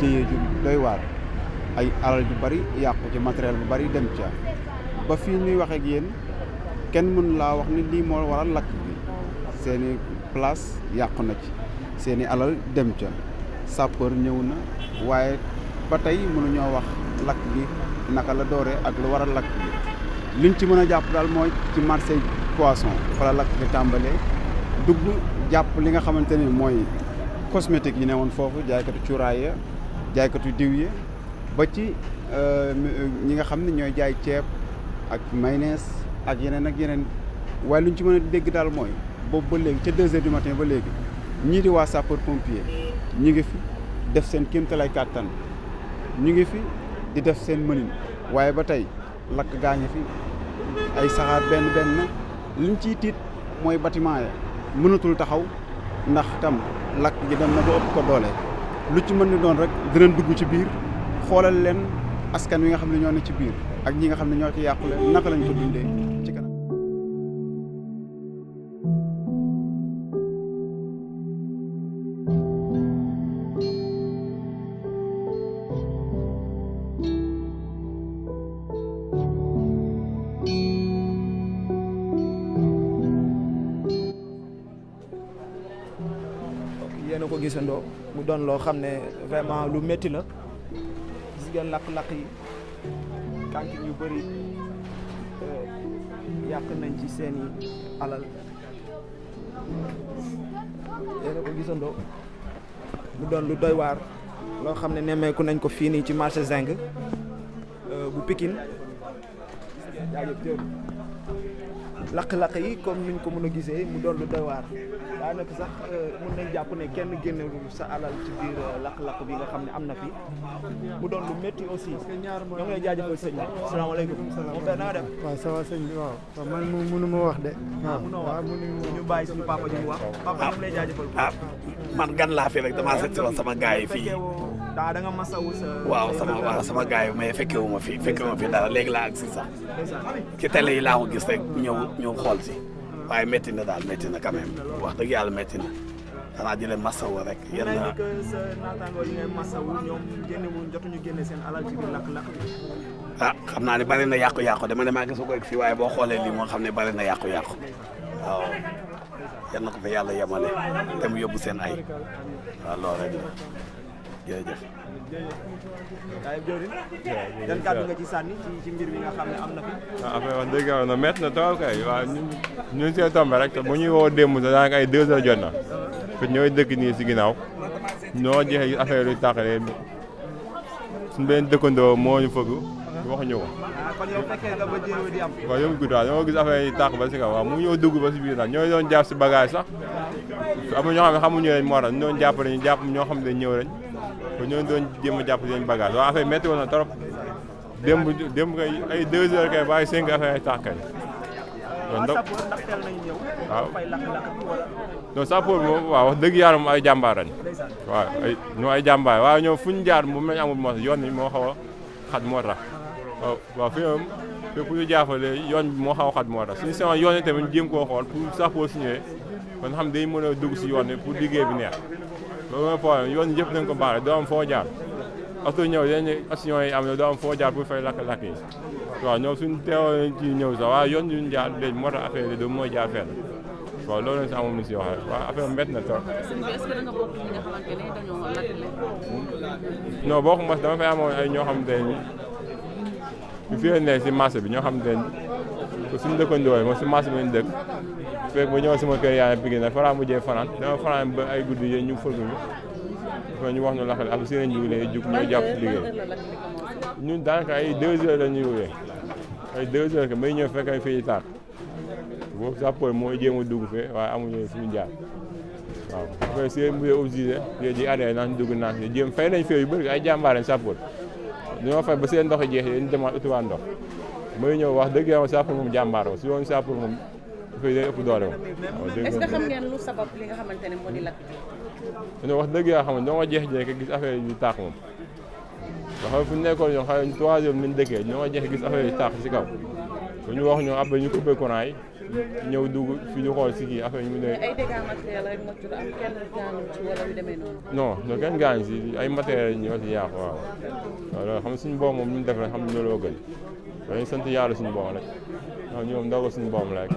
ci ju doy waar ay alal ju bari yàqu ci matériel bu bari dem ca ba fii ñuy wax yéen kenn mën laa wax ni lii moo waral lakk bi seeni place yàqu na ci seeni alal dem ca sapeur ñëw na waaye ba tey mënuñoo wax lakk bi naka la dooree ak lu waral lakk bi liñ ci mën a jàpp daal mooy ci marché poisson fa la lakk bi tàmbalee dugg jàpp li nga xamante ni mooy cosmétique yi ne woon foofu jaaykatu cuuraay jaaykatu diw yi ba ci euh, ñi nga xam ne ñooy jaay ceeb ak maynees ak yeneen ak yeneen waaye lu ñu ci mën a dégg daal mooy boobu ba léegi ca deux heures du matin ba léegi ñii di waa sapeur pompier ñi ngi fi def seen kéemtalaay kàttan ñu ngi fi di def seen mënin waaye ba tey lakk gaa ngi fi ay saxaar benn benn li ñu ciy tiit mooy bâtiment ya mënatul taxaw ndax tam lakk gi dem na ëpp ko doole. lu ci mën ni doon rek dinañ dugg ci biir xoolal leen askan wi nga xam ne ñoo ne ci biir ak ñi nga xam ne ñoo ci yàqule naka lañ ko dundee ci kanam. a ko gisandoo. mu doon loo xam ne vraiment lu métti la gis ngeen lakk-lakk yi kantin yu bëri yàq nañ ci seeni alal yéena ko gisandoo mu doon lu doy waar loo xam ne nemmeeku nañ ko fii nii ci marché Zinc euh, bu Pikine laq lakk yi comme niñ ko mën a gisee mu doon lu doy waar daanaka sax euh, mën nañ jàpp ne kenn génnewul sa alal ci biir euh, laq-laq bi nga xam ne am na fi mu doon lu métti aussi ñoo jaaja lay jaajëfal sëñ bi salaamaaleykum mon père na nga def waaw ça va waaw man moom mënu wax de ah, waaw waaw ñu bàyyi suñu papa ñu wax papa ah, ah, man gan laa fi rek damaa seet sama gars yi fii daa waaw sama waaw sama gars ma fi fekke wu ma fi dara léegi laa agsi sax. ci télé yi laa ko gis rek ñëw ñëw xool si waaye métti na daal métti na quand wax dëgg yàlla metti na. xanaa di rek yéen a. ñu ah xam naa ni bari na yàqu-yàqu dama ne maa gisu ko fii waaye boo xoolee lii moo xam ne bari na yàqu-yàqu waaw yal na ko fa yàlla yemale te mu yóbbu seen ay waaw loolu rek jërëjëf jaayëf jawrin dan kàddu nga ci sànni ci mbir mi nga xam ne am na fi ah, na métti kay waaw ñun see tombé rek te ñuy woo démb da daanaka ay deux heures jot na te ñooy dëkk nii si ginnaaw ñoo jeexee affaire yu tàqalee suñu benn dëkkandoo moo ñu ko ah, kon yow fekkee nga ba yi tàq ba si kaw waaw mu ñëw dugg ba si biir nag ñooy doon jàpp si bagage sax am na ñoo xam ne xamuñu leen moo tax ñu doon jàpp nañu jàpp ñoo xam ne ñëw lañ ko ñooñu doon jéem a jàpp seen bagage waaw affaire métti woon na trop démb démb kay ay 2 heures kay bàyyi 5 affaire ay tax kay. Ah, kon moom waaw dëgg yàlla moom ay jàmbaar lañ waaw jàmbaar waaw ñoom fu ñu jaar mu lañ amul mos yoon bi moo xaw a xat moo waaw waaw fi jaafale yoon bi moo xaw a xat moo tax suñu sama yoon yi tamit jéem koo xool pour sapeur su ñëwee kon xam day mën a dugg si yoon bi pour liggéey bi neex loolu mooy problème yoon yëpp nañ ko baare doo am jaar oto ñëw yenn action yi am jaar pour fay lakk-lakk yi waaw ñoom suñ teewoon ci ñëw sax waaye yoon yuñ jaar léegi moo tax affaire yi du mooy jaar fenn waaw loolu lañ si amoon lu si wax rek waaw affaire mbett na trop. non boo ko mos dama fay amoon ay ñoo xam te ni ñu fi ne si marché bi ñoo xam te ni suñu dëkkandoo yi moom si marché bi lañ dëkk. fekk ba ñëw sama kër yaay na nag mu laa mujjee fanaan dama fanaan ay guddi yéen ñu fëgg ñu dafa ñu wax ñu laxale ak si nañ ñu lay jug ñoo jàpp ay deux heures la may ñëw fekk ay fii tàkk boobu sapeur mooy jéem a dugg fee waaye amuñu fu ñu jaar waaw après si mujjee obligé yooyu di arrêté naan dugg naan si fay nañ fee ay jàmbaare sapeur ba seen ndox jeex yéen demaat utiwaat ndox may ñëw wax dëgg yàlla sapeur moom jàmbaar si woon sapeur moom koy day ëpp doole moom. est-ce que xam nga xamante wax dëgg yoo xam ñoo jeex jeex gis affaire yi di taax moom. ndax fu ñu nekkoon ñoom xam ne ñoo jeex gis yi taax si kaw. bu ñu wax ñoom ñu coupé courant yi. ñëw dugg ñu xool si kii ñu. mais ay dégâts matériels rek moo ci am kenn gaañu ci sant yàlla suñu bopp rek ñoom suñu bopp rek.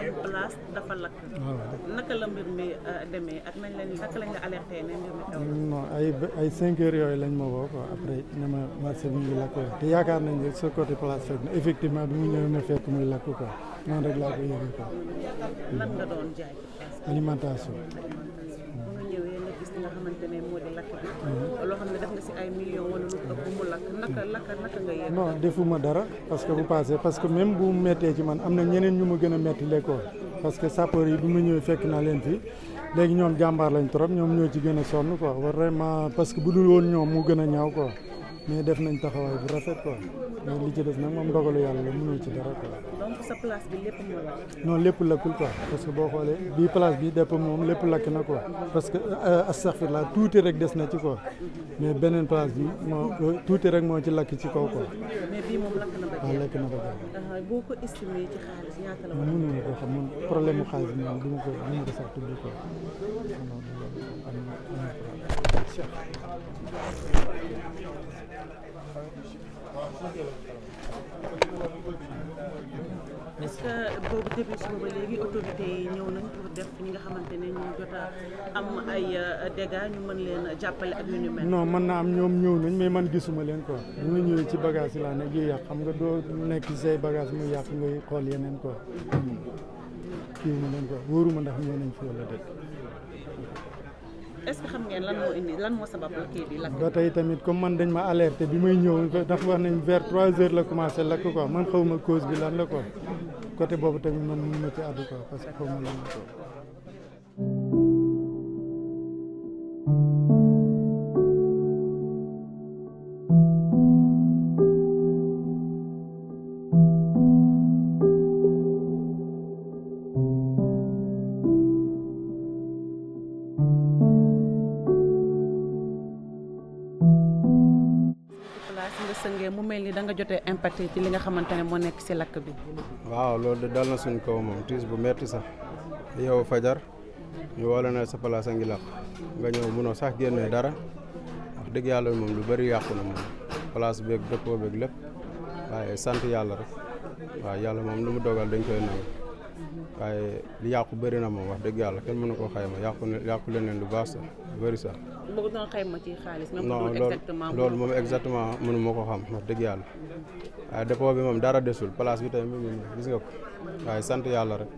seen dafa lakk. Ah. naka la mbir mi euh, demee ak nañ leen naka ne mbir mi xew non ay ay cinq yooyu lañ ma woo quoi après ne ma marché bi ngi lakk te yaakaar nañ ne sa côté place fekk na effectivement bi mu ñëwee na fekk muy lakk quoi noonu rek laa ko yëgee quoi. lan nga doon jaay. alimentation. Mhm. nga xamante mu defuma dara parce que bu passé parce que même bu mu méttee ci man am na ñeneen ñu ma gën a metti l'école parce que sapeur yi bi ma ñëwee fekk naa leen fi léegi ñoom jàmbaar lañ trop ñoom ñoo ci gën a sonn quoi vraiment parce que bu dul woon ñoom mu gën a ñaaw quoi mais def nañ taxawaay bu rafet quoi mais li ci des nag moom dogalu yàlla la mënoo ci dara quoi. donc sa lépp lakk. non lakkul quoi parce que boo xoolee bii place bi dépp moom lépp lakk na quoi parce que euh, astaghfirullah tuuti rek des na ci quoi mais beneen place bi moo tuuti rek moo ci lakk ci kaw quoi. waaw lekk na ko gaaw. boo ko estimé ci xaalis ñaata la war a. mënuma ko xam problème xaalis bi moom du ko du ma ko sax est-ce que boobu début suba ba léegi autorité yi ñëw nañ pour def ñi nga xamante ne ñu jot am ay euh, dégâts ñu mën leen jàppale ak yu ni mel. non mën naa am ñoom ñëw nañ mais man gisuma leen ko ñu ngi ñëwee ci bagage yi laa nekk yu yàq xam nga doo nekk ci say bagage mu yàq ngay xool yeneen quoi mm. kii mu leen quoi wóoruma ndax ñëw nañ fi la déet. est-ce que la ba tey tamit comme man dañ ma alerté bi may ñëw ndax wax nañ vers trois heures la commencé lakk ko man xaw ma cause bi lan la quoi côté boobu tamit man mënu ma ci àddu quoi parce que xaw ma lan la quoi. ci li nga xamante ne moo nekk si lakk waaw loolu de dal na suñ kaw moom tiis bu metti sax yow fajar ñu wala na sa place a ngi làq nga ñëw munoo sax génnee dara wax dëgg yàlla moom lu bari yàqu na moom place beeg dëppoo beeg lépp waaye sant yàlla rek waaw yàlla moom lu mu dogal dañ koy nangu. waaye li yàqu bëri na moom wax dëgg yàlla kenn mënu koo xayma yàqu na yàqu leneen lu baax sax lu bëri sax. boo loolu moom exactement mënu ma ko xam wax dëgg yàlla. waaye dépôt bi moom dara desul place bi tamit mi ngi gis nga ko. waaye sant yàlla rek.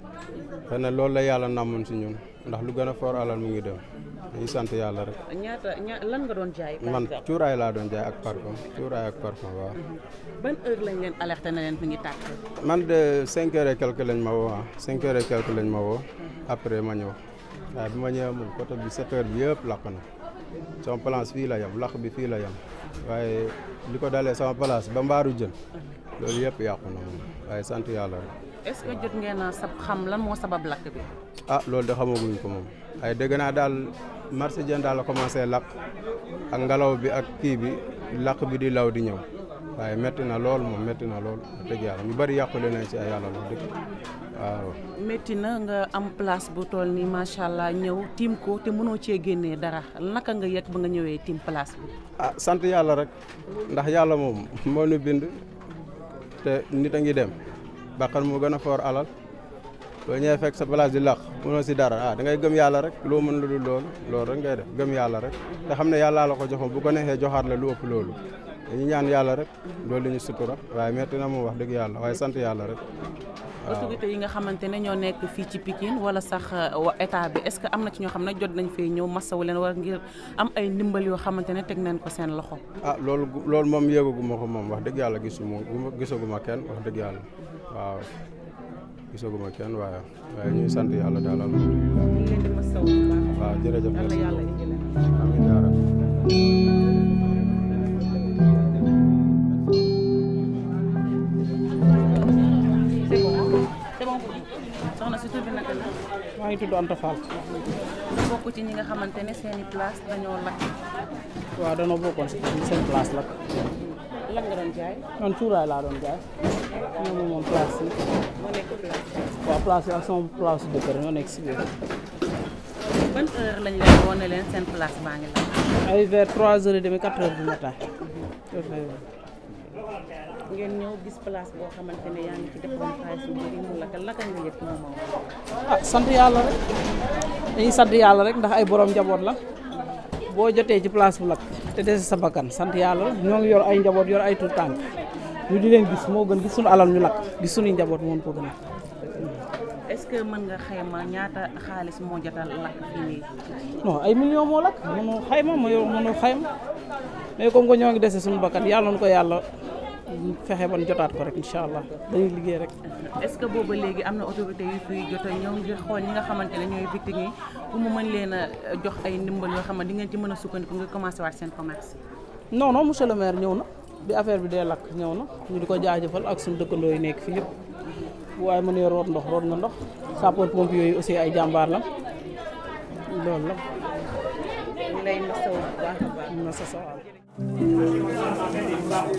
xëy na loolu la yàlla namoon si ñun ndax lu gën a for alal mu ngi dem. dañuy sant yàlla rek. ñaata man cuuraay laa doon jaay ak parfum cuuraay ak parfum mhm. man de cinq heures et ma woo ah cinq heures et lañ ma woo. Mhm. après ma ñëw waaye bi ma ñëwee moom côté bi seteur heures bi yëpp lakk na sama place fii la yem lakk bi fii la yem waaye di ko dalee sama place ba mbaaru jën mhm. loolu yëpp yàqu na moom waaye sant yàlla rek. est-ce que jot ngeen a sab xam lan moo sabab lakk bi. ah loolu de xamaguñ ko moom ay dégg naa daal marché Diène daal a commencé lakk ak ngelaw bi ak kii bi lakk bi di law di ñëw waaye metti na lool moom metti na lool wax dëgg yàlla ñu bari yàqule nañ ci ay yàlla wax dëgg waaw. metti na nga am place bu tool ni macha allah ñëw tiim ko te mënoo cee génnee dara naka nga yëg ba nga ñëwee tiim place bi. ah sant yàlla rek ndax yàlla moom moo ñu bind te nit a ngi dem. bakkan moo gën a foor alal loo ñëwee fekk sa balaa di laq mënoo si dara ah da gëm yàlla rek loo mën lu dul loolu loolu gëm yàlla rek te xam ne yàllaa la ko joxoon bu ko neexee joxaat la lu ëpp loolu dañu ñaan yàlla rek loolu la ñu sutura waaye metti na moom wax dëgg yàlla waaye sant yàlla rek autorité yi nga xamante ne ñoo nekk fii ci Pikine wala sax état bi est-ce que am na ci ñoo xam ne jot nañ fee ñëw wu leen war ngir am ay ndimbal yoo xamante ne teg nañ ko seen loxo ah loolu loolu moom yëgaguma ko moom wax dëgg yàlla gisuma gisaguma kenn wax dëgg yàlla waaw gisaguma kenn waaye waaye ñuy sant yàlla daal alhamdulilah waaw jërëjëf merci amiin yaa nga xamante ne seen i place dañoo waaw danoo bokkoon si seen place lakk. lan doon jaay. man cuuraay laa doon jaay. ñoom moom place yi. moo nekk place yi. ak si biir. ban heure lañ leen wane ngi la. ay vers trois heures et demi quatre ngeen ñëw gis place boo xamante ne yaa ngi ci defoon xaalis bu ah, sant yàlla rek dañuy sant yàlla rek ndax ay boroom njaboot la. boo jotee ci place bu lakk te dese sa bakkan sant yàlla ñoo ngi yor ay njaboot yor ay tuut tànk ñu di leen gis moo gën gis suñu alal ñu lakk gis suñu njaboot moom ko gën a est-ce que mën nga xayma ñaata xaalis moo jotal lakk fii nii ay millions moo lakk mënu xayma may xayma mais comme que ñoo ngi dese suñu bakkan yàlla na ko yàlla fexe ba jotaat ko rek incha allah dañuy liggéey rek. est-ce que booba léegi am na autorité yu fiy jot a ñëw ngir xool ñi nga xamante ne ñooy victime yi pour mu mën leen a jox ay ndimbal yoo xam ne di ngeen ci mën a sukkandiku nga commencé waat seen commerce. non non monsieur maire ñëw na bi affaire bi dee lakk ñëw na ñu di ko jaajëfal ak suñu dëkkandoo yi nekk fii yëpp waaye mu ne root ndox root nga ndox sapeur pompier yooyu aussi ay jàmbaar la loolu la. ñu lay masawu bu baax a baax.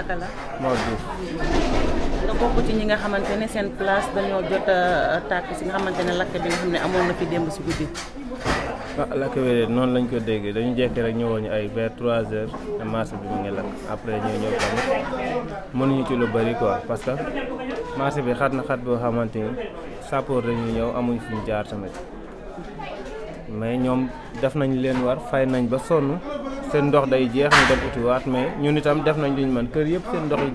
moo la. Mor nga ci ñi nga xamante ne seen place dañoo jot a tàkk si nga xamante ne lakk bi nga xam ne amoon na fi démb si guddi. ah lakk bi noonu lañ ko déggee dañu jekki rek ñëwoon ay vers trois heures te marché bi mu ngi lakk après ñoo ñëw tamit mënuñu ci lu bëri quoi parce que marché bi xat na xat boo xamante ni sappoor dañuy ñëw amuñ fuñ jaar tamit mais ñoom def nañ leen war fay nañ ba sonn. seen ndox day jeex ñu dem utiwaat mais ñun itam def nañ luñ man kër yëpp seen ndox yi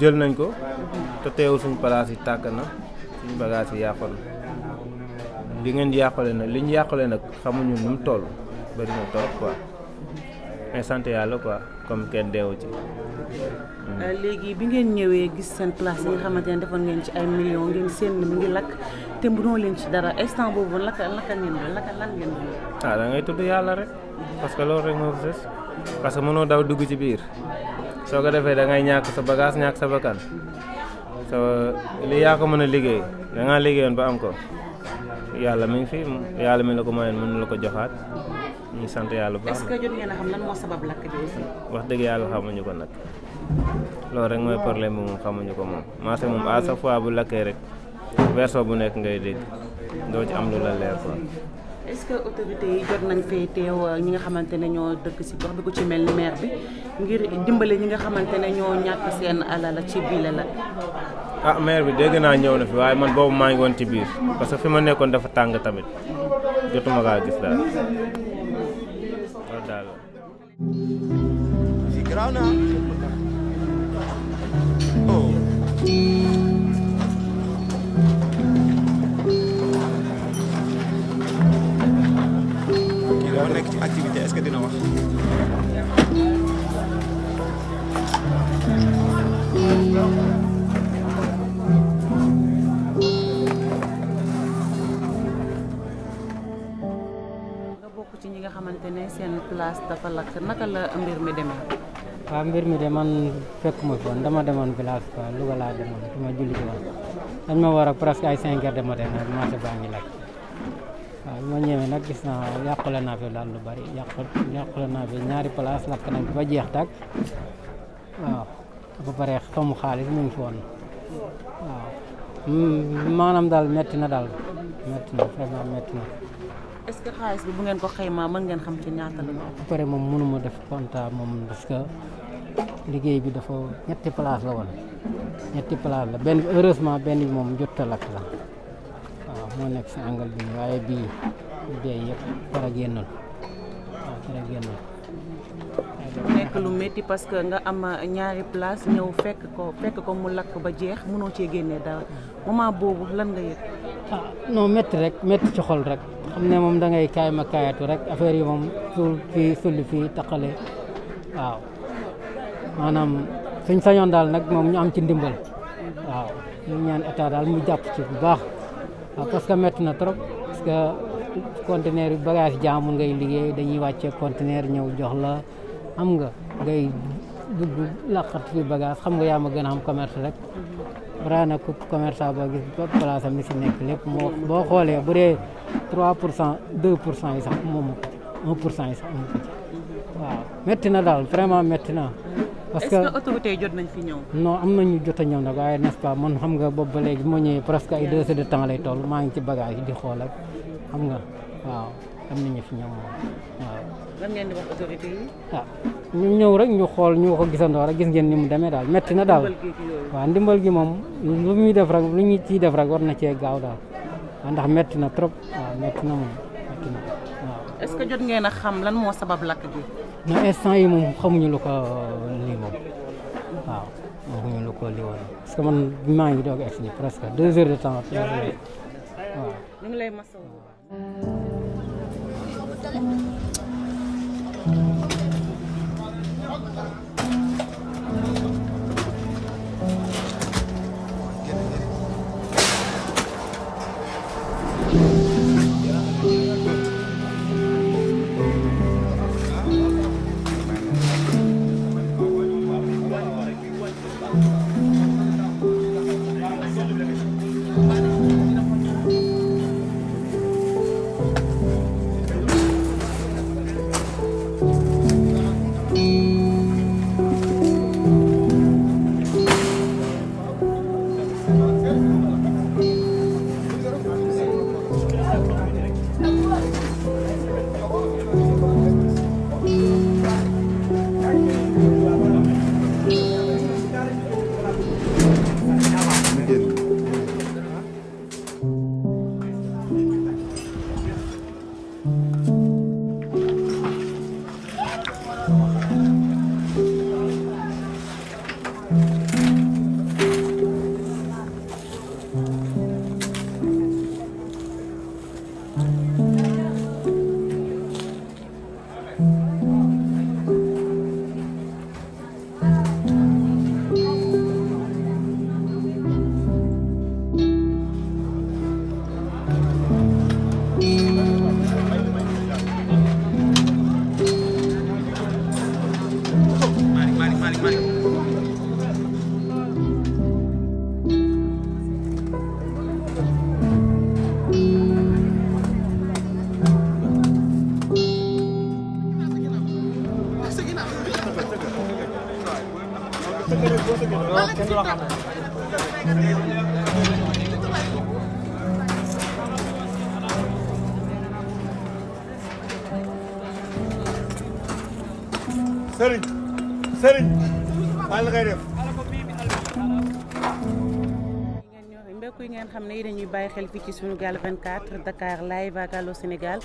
jël nañ ko te teewul suñ palaas yi tàkk na suñ bagages yi yàqu na li ngeen yàqule nag liñ yàqule nag xamuñu nu mu bari bëri na trop quoi mais sant yàlla quoi comme kenn deewu ci. Hmm. Euh, léegi bi ngeen ñëwee gis seen place yi nga xamante ne defoon ngeen ci ay millions ngeen seen mi ngi lakk te mënoo leen ci dara instant boobu naka naka ngeen doon naka lan ngeen doon. ah da yàlla rek. parce que loolu rek moo fi sës parce que mënoo daw dugg ci biir soo ko defee da ngay ñàkk sa bagage ñàkk sa bakkan so li yaa ko mën a liggéey da ngaa liggéeyoon ba am ko yàlla mi ngi fi yàlla mi la ko mayoon mën la ko joxaat ñu sant yàlla bu baax. que wax dëgg yàlla xamuñu ko nag loolu rek mooy problème bi moom xamuñu ko moom marché moom à chaque fois bu lakkee rek verso bu nekk ngay dégg doo ci am lu la leer quoi. est-ce que autorité yi jot nañ fee teew euh, ñi nga xamante ne ñoo dëkk si gox bi ku ci mel ni maire bi ngir dimbali ñi nga xamante ne ñoo ñàkk seen alala ci biir la. ah maire bi dégg naa ñëw na fi waaye man boobu maa ngi woon ci biir parce que fi ma nekkoon dafa tàng tamit jotuma kaa gis daal ci activité nga bokk ci ñi nga xamante ne seen place dafa lakk naka la mbir mi demee. waaw mbir mi de man fekk ma foon dama demoon village quoi Louga laa demoon fi ma julli ci dañ ma war a presque ay 5 heures de matin marché baa ngi lakk. waaw bi nag gis naa yàqule naa fi daal lu bari yàqu yàqule naa fi ñaari place lakk nañ fi ba jeex tàkk waaw ba pare xamu xaalis mu ngi fi woon waaw mm, maanaam daal metti na daal metti na vraiment metti na. bu ngeen xam ci ñaata la. ba pare moom mënuma def compta moom parce liggéey bi dafa ñetti place la woon ñetti place la benn heureusement benn bi moom jot a lakk la. moo nekk si angle bi waaye bii bu dee yëpp dara génnul waaw dara génnul nekk lu metti parce que nga am ñaari place ñëw fekk ko mu lakk ba jeex mënoo cee génnee dara moment boobu lan nga yëg ah non métti rek métti ci xol rek xam ne moom dangay ngay kaay ma kaayatu rek affaire yi moom suul fi sulli fii taqale waaw maanaam suñ sañoon daal nag moom ñu am ci ndimbal waaw ñu ñaan état daal mu jàpp ci bu baax waaw parce que métti na trop parce que conteneur yi bagage jaamu ngay liggéey dañuy wàccee conteneur ñëw jox la xam nga ngay dugg laqat fi bagage nga yaa ma gën a commerce rek raana ko commerçant boo gis ba place am si nekk lépp moo boo xoolee bu trois 3 pour cent 2 pour cent yi sax moomu daal vraiment métti parce que est autorité jot nañ fi ñëw. non am na ñu jot a ñëw nag waaye nest man xam nga boobu ba léegi moo ñëwee presque ay deux heures de temps lay ci bagage yi di xool xam nga waaw am na fi ñëw moom ah, ñëw rek ñu xool ñu ko gisandoo rek gis ngeen ni mu demee daal metti na daal. waa ndimbal gi moom lu muy def rek lu ñu ci def rek war na cee gaaw daal ndax metti na trop waaw metti na moom metti na waaw. ce que jot ngeen a xam lan moo sabab lakk gi. mais instant yi moom xamuñu lu ko euh, lii moom waaw xamuñu lu ko lii parce que man maa ngi doog a egsi presque deux heures de temps waaw. ñu ngi lay masawu. tey fii ci Sunugal 24 Dakar live ak Sénégal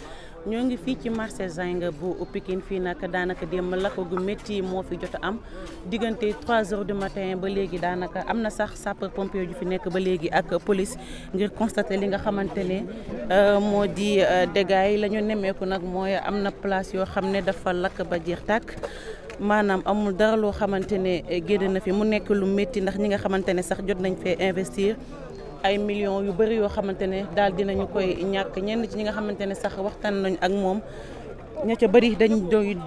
ñoo ngi fii ci marché Zinc bu Pikine fii nag daanaka démb lakk gu métti moo fi jot am diggante 3 heures du matin ba léegi daanaka am na sax sapeur pompier ju fi nekk ba léegi ak police ngir constater li nga xamante ne euh, moo di euh, dégâts yi la nemmeeku nag mooy am na place yoo xam ne dafa lakk ba jeex tàkk. maanaam amul dara loo xamante ne génn na fi mu nekk lu métti ndax ñi nga xamante ne sax jot nañ fee investir ay millions yu bëri yoo xamante ne daal dinañu koy ñàkk ñenn ci ñi nga xamante ne sax waxtaan nañu ak moom ña ca bëri dañ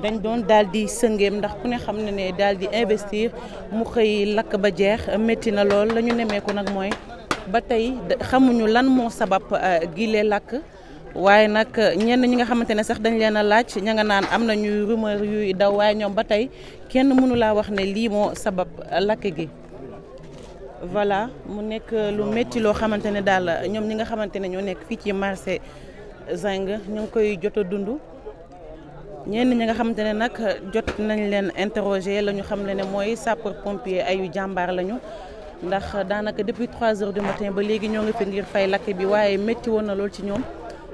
dañ doon daal di sëngeem ndax ku ne xam ne ne daal di investir mu xëy lakk ba jeex métti na lool lañu nemmeeku nag mooy ba tey xamuñu lan moo sabab euh, gile lakk. waaye nag ñenn ñi nga xamante ne sax dañ leen a laaj ña nga naan am na ñuy rumeur yuy daw waaye ñoom ba tey kenn mënu laa wax ne lii moo sabab lakk gi. voilà mu nekk lu métti loo xamante ne daal ñoom ñi nga xamante ne ñoo nekk fii ci marché Zinc ñu ngi koy jot a dund ñenn ñi nga xamante ne nag jot nañ leen interroger la ñu xam le ne mooy sapeur pompier ayu jàmbaar lañu ndax daanaka depuis 3 heures du matin ba léegi ñoo nga fi ngir fay lakk bi waaye métti woon na lool ci ñoom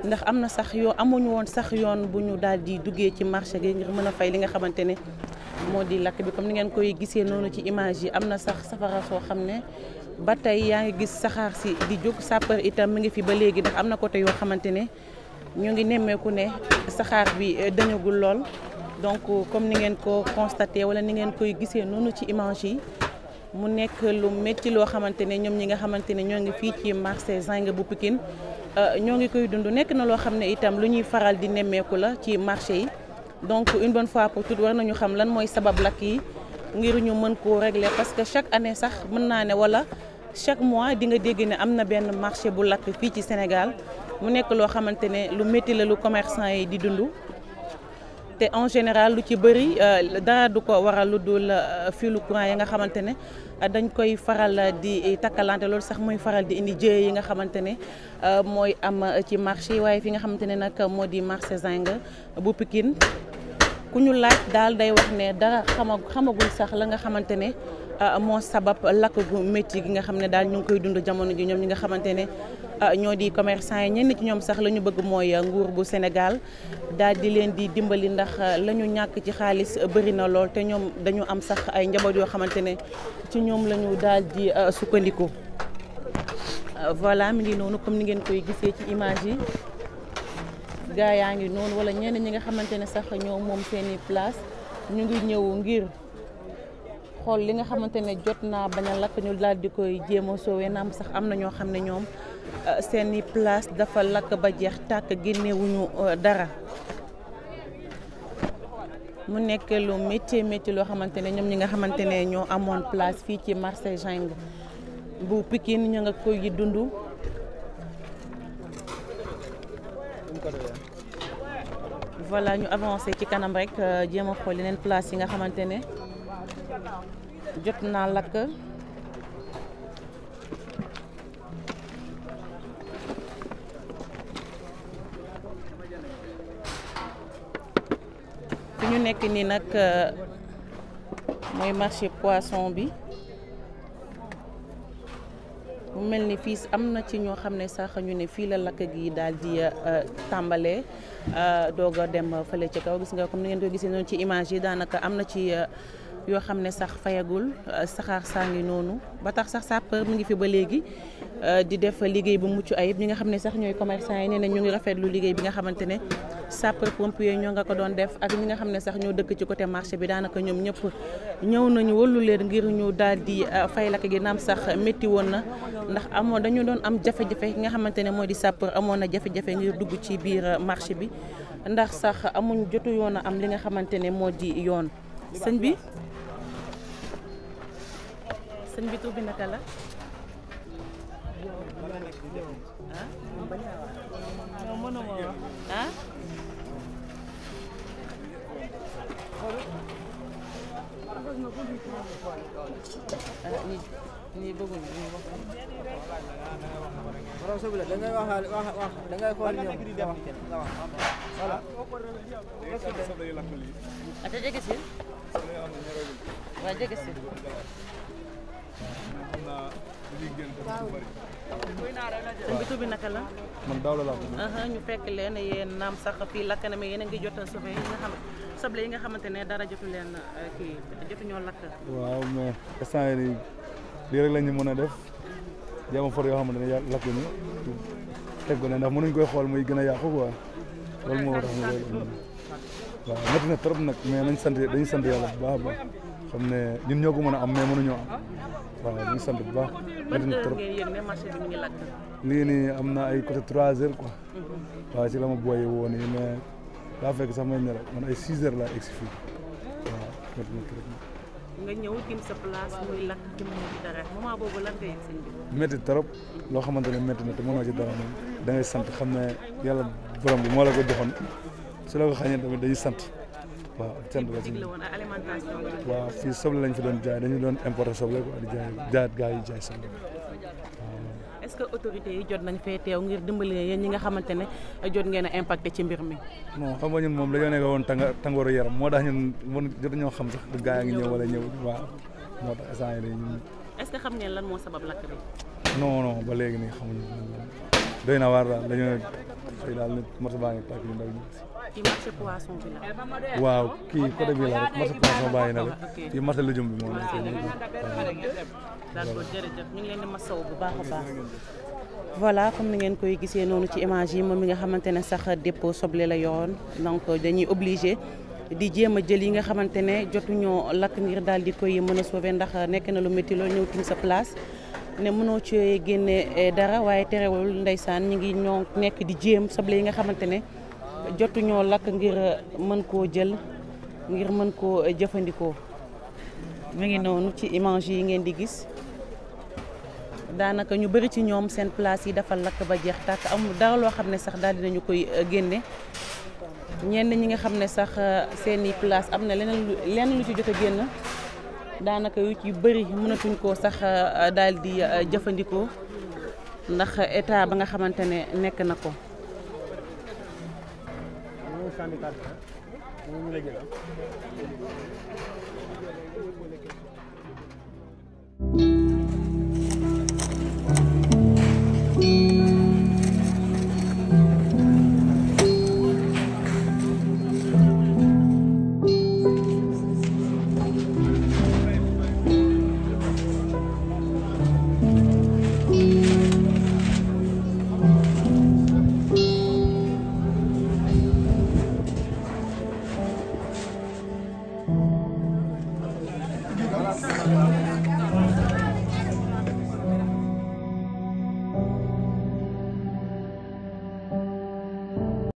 ndax am na sax yoo amuñu woon sax yoon bu ñu daal di duggee ci marché gi ngir mën a fay li nga xamante ne moo di lakk bi comme ni ngeen koy gisee noonu ci image yi am na sax safara soo xam ne ba tey yaa ngi gis saxaar si di jóg sapeur itam mu ngi fi ba léegi ndax am na côté yoo xamante ne ñu ngi nemmeeku ne saxaar bi euh, dañagul lool donc euh, comme ni ngeen ko constaté wala ni ngeen koy gisee noonu ci image yi mu nekk lu métti loo xamante ne ñoom ñi nga xamante ne ñoo ngi fii ci marché Zinc bu Pikine euh, ñoo ngi koy dund nekk na loo xam ne itam lu ñuy faral di nemmeeku la ci marché yi donc une bonne fois pour war nañu xam lan mooy sabab lakk yi ngir ñu mën koo régler parce que chaque année sax mën naa ne wala chaque mois di nga dégg ne am na benn marché bu lakk fii ci Sénégal mu nekk loo xamante ne lu métti la lu yi di dund te en général lu ci bëri euh, dara du ko waral lu dul euh, filu courant yi nga xamante ne euh, dañ koy faral di takkalante loolu sax mooy faral di indi jëye yi nga xamante ne mooy am ci marché waaye fi nga xamante ne nag moo di marché Zinc bu pikin ku ñu laaj daal day wax ne dara xama xamagul sax la nga xamante ne moo sabab lakk gu métti gi nga xam ne daal ñu ngi koy dund jamono ji ñoom ñi nga xamante ne Ah, ñoo di commerçant yi ñenn ci ñoom sax la ñu bëgg mooy ah, nguur bu Sénégal daal di leen di dimbali ndax ah, lañu ñàkk ci xaalis bëri na lool te ñoom dañu am sax ay njaboot yoo xamante ne ci ñoom lañu ñu daal sukkandiku. voilà mi ngi noonu comme ni ngeen koy gisee ci image yi gaa yaa ngi noonu wala ñenn ñi nga xamante ne sax ñoo moom seeni place ñu ngi ñëw ngir. xool li nga xamante ne jot naa bañ a lakk ñu daal di koy jéem a soowee am sax am na ñoo xam ne ñoom Euh, seeni place dafa lakk ba jeex tàkk génnewuñu euh, dara mu nekk lu métti métti loo xamante ne ñoom ñi nga xamante ne ñoo amoon place fii ci marché Jeng bu Pikine ñu nga koy dund voilà ñu avancé ci kanam rek euh, jéem a xool yeneen place yi nga xamante ne jot naa lakk fi ñu nekk nii nag euh, mooy marché poisson bi mu mel ni fii am na ci ñoo xam ne sax ñu ne fii la lakk gi daal di euh, tàmbalee euh, doog a dem fële ci kaw gis nga comme ni ngeen ko gisee noonu ci image yi daanaka am na ci. yoo xam ne sax fayagul euh, saxaar saa ngi noonu ba tax sax sapeur mu ngi fi ba léegi euh, di def liggéey bu mucc ayib ñi nga xam ne sax ñooy commerçant yi nee na ñu ngi rafetlu liggéey bi nga xamante ne sapeur pompier ñoo nga ko doon def ak ñi nga xam ne sax ñoo dëkk ci côté marché bi daanaka ñoom ñëpp ñëw nañu wallu leen ngir ñu daal di euh, fay lakk gi naam sax métti woon na ndax amoon dañu doon am jafe-jafe ki nga xamante ne moo di sapeur amoon na jafe-jafe ngir dugg ci biir marché bi ndax sax amuñ jotu yoon a am li nga xamante ne moo di yoon sëñ bi sëñ bi tur bi naka la. ah. non mënuma wax ah. ni ni bëgguñu ñu wax. borom sëb la da ngay wax wax da ngay xool ñoom nga wax nga wax voilà. ah te jege si. waaw jege si. waaw bi tubi naka la. man daaw la laa ñu fekk leen yéen naam sax fii lakk na mais yéen ngi jot a yi nga xam soble yi nga xamante ne dara jotu leen euh, kii jotu ñoo lakk. waaw mais instant yii ñu mën a def jéem a yoo xamante ne yàlla lakk nañu teg ko ne ndax mënuñ koy xool muy gën a yàqu quoi loolu moo tax ñu waaw métti na trop nag mais nañ sant dañu sant yàlla baax baax. xam ne ñun ñoo ko mën a am mais mënuñoo am waaw ñu ngi sant bu baax. bëri na lii nii am na ay côté trois heures quoi. Mhm. waaw ci woon nii mais daa fekk sax ay six heures laa egsi fii waaw trop. loo xamante ne métti na te mënoo ci dara moom da sant xam ne yàlla borom bi moo la ko joxoon su la ko xañee tamit sant. waaw ak cant la si waaw fii soble lañ fi doon jaay dañu doon importer soble quoi di jaay jaayaat gars yi jaay soble waaw. est-ce que autorités yi jot nañ fee teew ngir dimbali yéen ñi nga xamante ne jot ngeen a impacté ci mbir mi. non xam nga ñun moom dañoo nekk woon tànga tàngooru yaram moo tax ñun mën jotuñoo xam sax du gaa yi ngi ñëw wala ñëw waaw moo tax instant yii ñun. est-ce que xam ngeen lan moo sabab lakk bi. non non ba léegi nii xamuñu doy na waar daal dañoo xëy daal nit moto baa ngi tàkk ñu ndaw ñi. fii marché poisson la. waaw kii côté bi la rek marché poisson bàyyi na la fii marché la. d'accord jërëjëf ñu ngi leen bu baax a baax. voilà comme ni ngeen koy gisee noonu ci image yi moom mi nga xamante ne sax dépôt soble la yoroon donc dañuy obligé. di jéem a jël yi nga xamante ne jotuñoo lakk ngir daal di koy mën a sauver ndax nekk na lu métti loolu ñëw tim sa place ne mënoo ci génne eh, dara waaye terewul ndeysaan ñu ngi ñoo nekk di jéem soble yi nga xamante ne jotuñoo lakk ngir uh, mën koo jël ngir mën koo uh, jëfandikoo mu ngi noonu ci image yi ngeen di gis daanaka ñu bëri ci ñoom seen place yi dafa lakk ba jeex tàkk amul dara loo xam ne sax daal dinañu koy uh, génne ñenn ñi nga xam ne sax seeni place am na leneen lu lenn lu ci jot a génn daanaka yu ci bëri mënatuñ koo sax daal di jëfandikoo ndax état ba nga xamante ne nekk na ko champ bi carte la moom ñu la jël ah